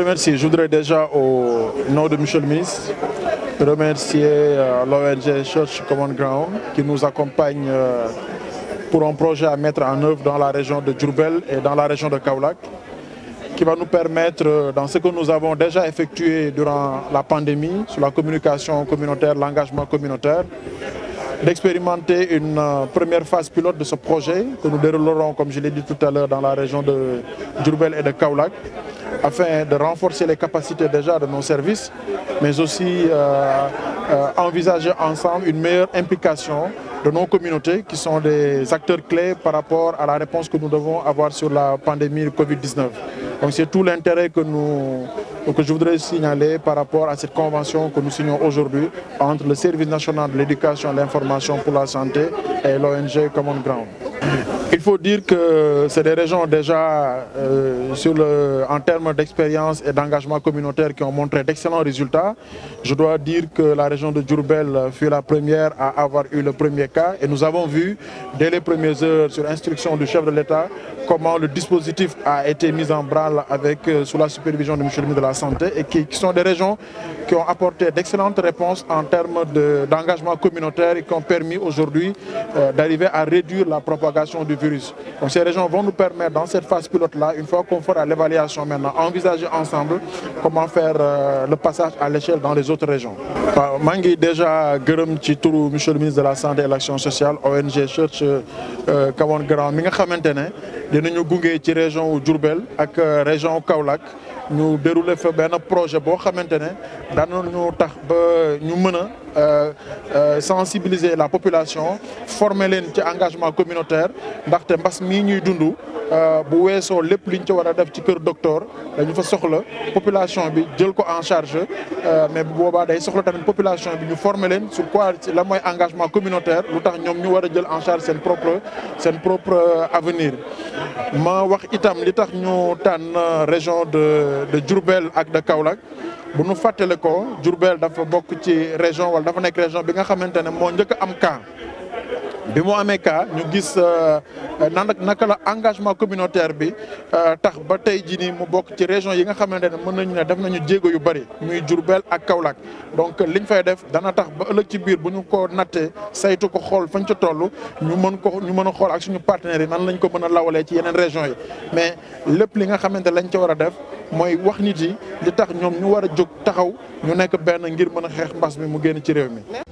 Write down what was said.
Je voudrais déjà, au nom de Michel le remercier euh, l'ONG Church Common Ground qui nous accompagne euh, pour un projet à mettre en œuvre dans la région de Djurbel et dans la région de Kaulak qui va nous permettre, euh, dans ce que nous avons déjà effectué durant la pandémie, sur la communication communautaire, l'engagement communautaire, d'expérimenter une première phase pilote de ce projet que nous déroulerons, comme je l'ai dit tout à l'heure, dans la région de Djurbel et de Kaulak afin de renforcer les capacités déjà de nos services, mais aussi euh, euh, envisager ensemble une meilleure implication de nos communautés qui sont des acteurs clés par rapport à la réponse que nous devons avoir sur la pandémie de Covid-19. Donc c'est tout l'intérêt que, que je voudrais signaler par rapport à cette convention que nous signons aujourd'hui entre le Service national de l'éducation et l'information pour la santé et l'ONG Common Ground. Il faut dire que c'est des régions déjà, euh, en termes d'expérience et d'engagement communautaire, qui ont montré d'excellents résultats. Je dois dire que la région de Djurbel fut la première à avoir eu le premier cas et nous avons vu, dès les premières heures, sur instruction du chef de l'État, comment le dispositif a été mis en branle avec, euh, sous la supervision de M. le ministre de la Santé et qui, sont des régions qui ont apporté d'excellentes réponses en termes d'engagement communautaire et qui ont permis aujourd'hui euh, d'arriver à réduire la propagation du donc ces régions vont nous permettre, dans cette phase pilote-là, une fois qu'on fera l'évaluation maintenant, envisager ensemble comment faire euh, le passage à l'échelle dans les autres régions. Mangi déjà gërëm ci monsieur le ministre de la santé et de l'action sociale ONG cherche euh, Kawan Grand mi nga xamante ne dinañu gunge ci région wu et euh, région Kaolack Nous déroulons fait un projet boo xamante ne daan nañu tax ba euh, euh, sensibiliser la population former l'engagement ci engagement communautaire ndaxte que nous, ñuy dund euh, bu weesoo lépp liñ ci war a ci docteur dañu fa soxla population bi jël en charge mais nous boobaa day soxla population bi former sur quoi la engagement communautaire nous tax nous ñu war en charge seen propre propre avenir ma wax itam li tax ñu tànn euh, région de de Diourbel ak de Kaolack bu nu fàttale ko Diourbel dafa bokk ci région wala dafa nekk région bi nga xamante ne moo njëkk am ka bi mu amee cas ñu gis euh, euh, nan naka la engagement communautaire bi euh, tax ba tay jii nii mu bok ci région yi nga xamante ne mën nañu ne def nañu jéego yu bari muy Djourbel ak Kaolack donc liñ fay def dana tax ba ëlëk ci biir bu ñu ko naté saytu ko xol fañ ci tollu ñu mën ko ñu mëna xol ak suñu partenaire yi nan lañ ko mëna lawalé ci yeneen région yi mais lepp li nga xamante lañ ci wara def moy wax nit yi li tax ñom ñu wara jog taxaw ñu nekk benn ngir mëna a xeex mbas mi mu génn ci réew mi